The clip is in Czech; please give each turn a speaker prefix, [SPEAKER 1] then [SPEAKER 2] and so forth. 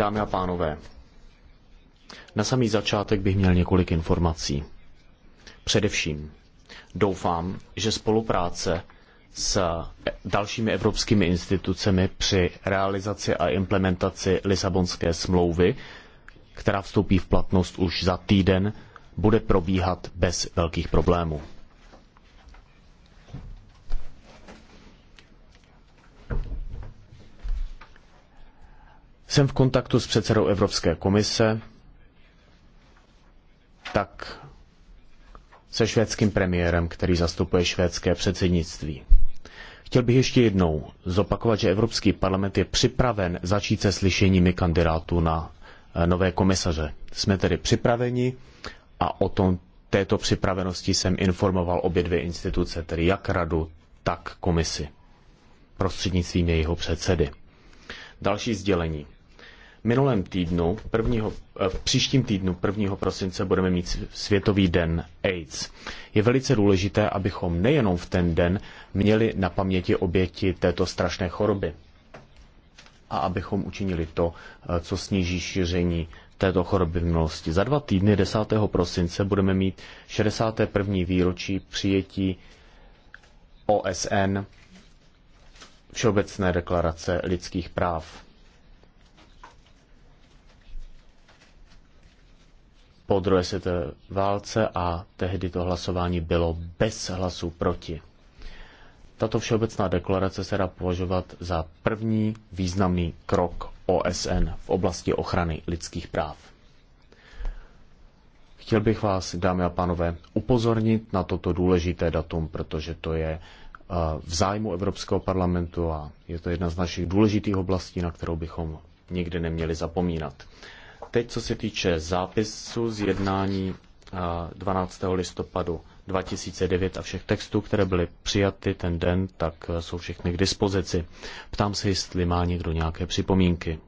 [SPEAKER 1] Dámy a pánové, na samý začátek bych měl několik informací. Především doufám, že spolupráce s dalšími evropskými institucemi při realizaci a implementaci Lisabonské smlouvy, která vstoupí v platnost už za týden, bude probíhat bez velkých problémů. Jsem v kontaktu s předsedou Evropské komise, tak se švédským premiérem, který zastupuje švédské předsednictví. Chtěl bych ještě jednou zopakovat, že Evropský parlament je připraven začít se slyšeními kandidátů na eh, nové komisaře. Jsme tedy připraveni a o tom této připravenosti jsem informoval obě dvě instituce, tedy jak radu, tak komisi, prostřednictvím jejího předsedy. Další sdělení minulém týdnu, prvního, eh, v příštím týdnu 1. prosince budeme mít Světový den AIDS. Je velice důležité, abychom nejenom v ten den měli na paměti oběti této strašné choroby a abychom učinili to, eh, co sníží šíření této choroby v minulosti. Za dva týdny 10. prosince budeme mít 61. výročí přijetí OSN Všeobecné deklarace lidských práv. po druhé světové válce a tehdy to hlasování bylo bez hlasů proti. Tato všeobecná deklarace se dá považovat za první významný krok OSN v oblasti ochrany lidských práv. Chtěl bych vás, dámy a pánové, upozornit na toto důležité datum, protože to je eh, v zájmu Evropského parlamentu a je to jedna z našich důležitých oblastí, na kterou bychom nikdy neměli zapomínat teď, co se týče zápisu z jednání 12. listopadu 2009 a všech textů, které byly přijaty ten den, tak jsou všechny k dispozici. Ptám se, jestli má někdo nějaké připomínky.